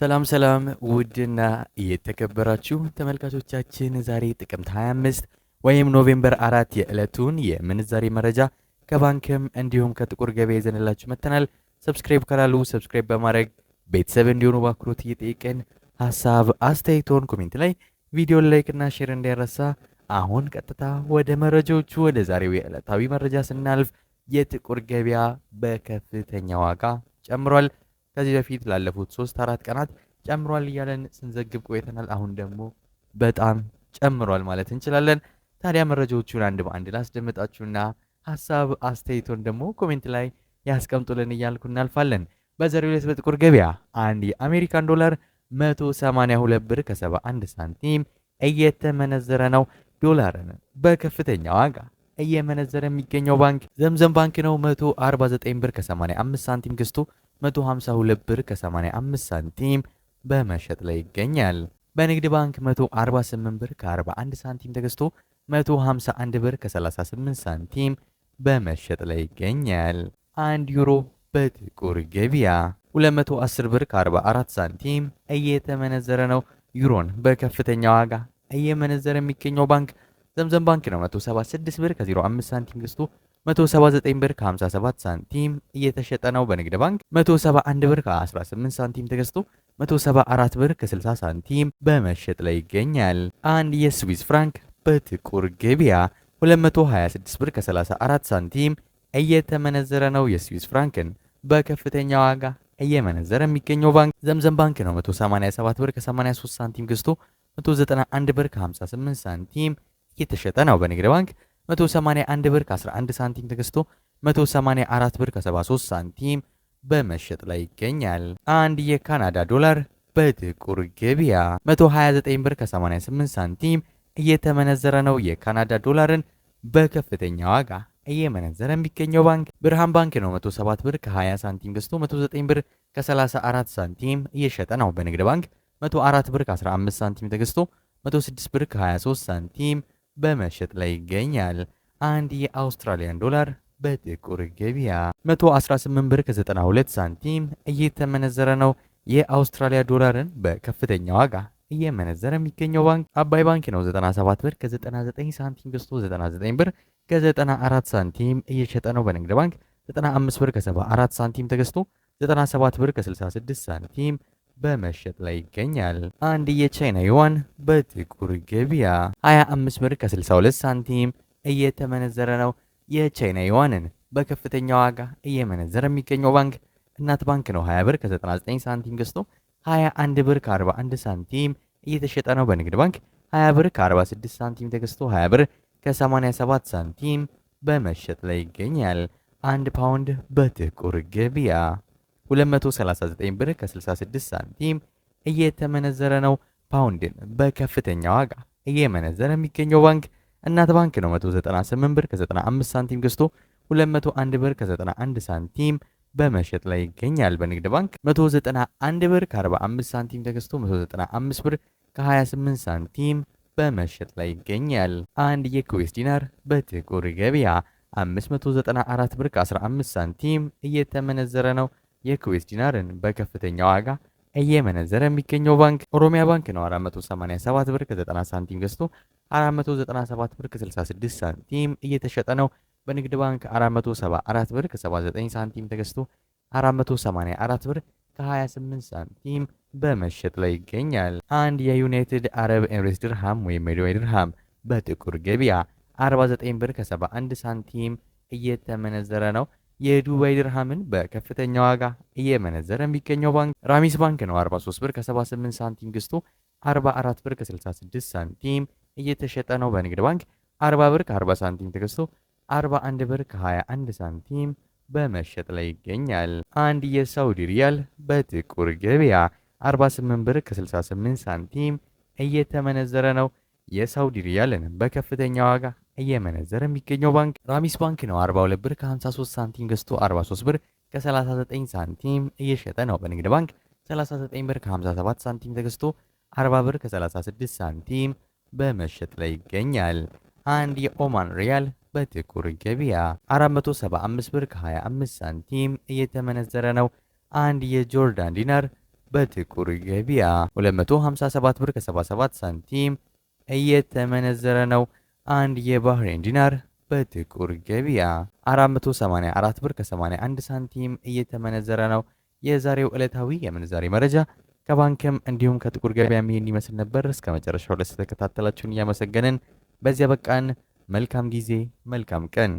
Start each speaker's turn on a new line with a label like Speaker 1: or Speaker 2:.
Speaker 1: ሰላም ሰላም ውድና የተከበራችሁ ተመልካቾቻችን ዛሬ ጥቅምት 25 ወይም ኖቬምበር 4 የዕለቱን የምንዛሬ መረጃ ከባንክም እንዲሁም ከጥቁር ገበያ ይዘንላችሁ መጥተናል። ሰብስክራይብ ካላሉ ሰብስክራይብ በማድረግ ቤተሰብ እንዲሆኑ በአክብሮት እየጠየቅን ሀሳብ አስተያየቶን ኮሜንት ላይ ቪዲዮን ላይክና ሼር እንዳይረሳ። አሁን ቀጥታ ወደ መረጃዎቹ ወደ ዛሬው የዕለታዊ መረጃ ስናልፍ የጥቁር ገበያ በከፍተኛ ዋጋ ጨምሯል። ከዚህ በፊት ላለፉት ሶስት አራት ቀናት ጨምሯል እያለን ስንዘግብ ቆይተናል። አሁን ደግሞ በጣም ጨምሯል ማለት እንችላለን። ታዲያ መረጃዎቹን አንድ በአንድ ላስደምጣችሁና ሀሳብ አስተያየቶን ደግሞ ኮሜንት ላይ ያስቀምጡልን እያልኩ እናልፋለን። በዛሬው ዕለት በጥቁር ገበያ አንድ የአሜሪካን ዶላር 182 ብር ከ71 ሳንቲም እየተመነዘረ ነው። ዶላርን በከፍተኛ ዋጋ እየመነዘረ የሚገኘው ባንክ ዘምዘም ባንክ ነው። 149 ብር ከ85 ሳንቲም ገዝቶ 152 ብር ከ85 ሳንቲም በመሸጥ ላይ ይገኛል። በንግድ ባንክ 148 ብር ከ41 ሳንቲም ተገዝቶ 151 ብር ከ38 ሳንቲም በመሸጥ ላይ ይገኛል። አንድ ዩሮ በጥቁር ገበያ 210 ብር ከ44 ሳንቲም እየተመነዘረ ነው። ዩሮን በከፍተኛ ዋጋ እየመነዘረ የሚገኘው ባንክ ዘምዘም ባንክ ነው 176 ብር ከ05 ሳንቲም ገዝቶ 179 ብር ከ57 ሳንቲም እየተሸጠ ነው። በንግድ ባንክ 171 ብር ከ18 ሳንቲም ተገዝቶ 174 ብር ከ60 ሳንቲም በመሸጥ ላይ ይገኛል። አንድ የስዊዝ ፍራንክ በጥቁር ገበያ 226 ብር ከ34 ሳንቲም እየተመነዘረ ነው። የስዊዝ ፍራንክን በከፍተኛ ዋጋ እየመነዘረ የሚገኘው ባንክ ዘምዘም ባንክ ነው 187 ብር ከ83 ሳንቲም ገዝቶ 191 ብር ከ58 ሳንቲም እየተሸጠ ነው። በንግድ ባንክ 181 ብር ከ11 ሳንቲም ተገዝቶ 184 ብር ከ73 ሳንቲም በመሸጥ ላይ ይገኛል። አንድ የካናዳ ዶላር በጥቁር ገበያ 129 ብር ከ88 ሳንቲም እየተመነዘረ ነው። የካናዳ ዶላርን በከፍተኛ ዋጋ እየመነዘረ የሚገኘው ባንክ ብርሃን ባንክ ነው። 107 ብር ከ20 ሳንቲም ገዝቶ 109 ብር ከ34 ሳንቲም እየሸጠ ነው። በንግድ ባንክ 104 ብር ከ15 ሳንቲም ተገዝቶ 106 ብር ከ23 ሳንቲም በመሸጥ ላይ ይገኛል። አንድ የአውስትራሊያን ዶላር በጥቁር ገበያ 118 ብር ከ92 ሳንቲም እየተመነዘረ ነው። የአውስትራሊያ ዶላርን በከፍተኛ ዋጋ እየመነዘረ የሚገኘው ባንክ አባይ ባንክ ነው። 97 ብር ከ99 ሳንቲም ገዝቶ 99 ብር ከ94 ሳንቲም እየሸጠ ነው። በንግድ ባንክ 95 ብር ከ74 ሳንቲም ተገዝቶ 97 ብር ከ66 ሳንቲም በመሸጥ ላይ ይገኛል። አንድ የቻይና ዩዋን በጥቁር ገበያ 25 ብር ከ62 ሳንቲም እየተመነዘረ ነው። የቻይና ዩዋንን በከፍተኛ ዋጋ እየመነዘረ የሚገኘው ባንክ እናት ባንክ ነው። 20 ብር ከ99 ሳንቲም ገዝቶ 21 ብር ከ41 ሳንቲም እየተሸጠ ነው። በንግድ ባንክ 20 ብር ከ46 ሳንቲም ተገዝቶ 20 ብር ከ87 ሳንቲም በመሸጥ ላይ ይገኛል። አንድ ፓውንድ በጥቁር ገበያ 239 ብር ከ66 ሳንቲም እየተመነዘረ ነው። ፓውንድን በከፍተኛ ዋጋ እየመነዘረ የሚገኘው ባንክ እናት ባንክ ነው። 198 ብር ከ95 ሳንቲም ገዝቶ 201 ብር ከ91 ሳንቲም በመሸጥ ላይ ይገኛል። በንግድ ባንክ 191 ብር ከ45 ሳንቲም ተገዝቶ 195 ብር ከ28 ሳንቲም በመሸጥ ላይ ይገኛል። አንድ የኩዌስ ዲናር በጥቁር ገበያ 594 ብር ከ15 ሳንቲም እየተመነዘረ ነው። የኩዌት ዲናርን በከፍተኛ ዋጋ እየመነዘረ የሚገኘው ባንክ ኦሮሚያ ባንክ ነው። 487 ብር ከ90 ሳንቲም ገዝቶ 497 ብር ከ66 ሳንቲም እየተሸጠ ነው። በንግድ ባንክ 474 ብር ከ79 ሳንቲም ተገዝቶ 484 ብር ከ28 ሳንቲም በመሸጥ ላይ ይገኛል። አንድ የዩናይትድ አረብ ኤምሬትስ ድርሃም ወይም የዱባይ ድርሃም በጥቁር ገበያ 49 ብር ከ71 ሳንቲም እየተመነዘረ ነው። የዱባይ ድርሃምን በከፍተኛ ዋጋ እየመነዘረ የሚገኘው ባንክ ራሚስ ባንክ ነው። 43 ብር ከ78 ሳንቲም ገዝቶ 44 ብር ከ66 ሳንቲም እየተሸጠ ነው። በንግድ ባንክ 40 ብር ከ40 ሳንቲም ተገዝቶ 41 ብር ከ21 ሳንቲም በመሸጥ ላይ ይገኛል። አንድ የሳውዲ ሪያል በጥቁር ገበያ 48 ብር ከ68 ሳንቲም እየተመነዘረ ነው። የሳውዲ ሪያልን በከፍተኛ ዋጋ እየመነዘረ የሚገኘው ባንክ ራሚስ ባንክ ነው። 42 ብር ከ53 ሳንቲም ገዝቶ 43 ብር ከ39 ሳንቲም እየሸጠ ነው። በንግድ ባንክ 39 ብር ከ57 ሳንቲም ተገዝቶ 40 ብር ከ36 ሳንቲም በመሸጥ ላይ ይገኛል። አንድ የኦማን ሪያል በጥቁር ገበያ 475 ብር ከ25 ሳንቲም እየተመነዘረ ነው። አንድ የጆርዳን ዲናር በጥቁር ገበያ 257 ብር ከ77 ሳንቲም እየተመነዘረ ነው። አንድ የባህሬን ዲናር በጥቁር ገበያ 484 ብር ከ81 ሳንቲም እየተመነዘረ ነው። የዛሬው ዕለታዊ የምንዛሬ መረጃ ከባንክም እንዲሁም ከጥቁር ገበያ ይህን ይመስል ነበር። እስከ መጨረሻው ድረስ እያመሰገንን በዚያ በቃን። መልካም ጊዜ፣ መልካም ቀን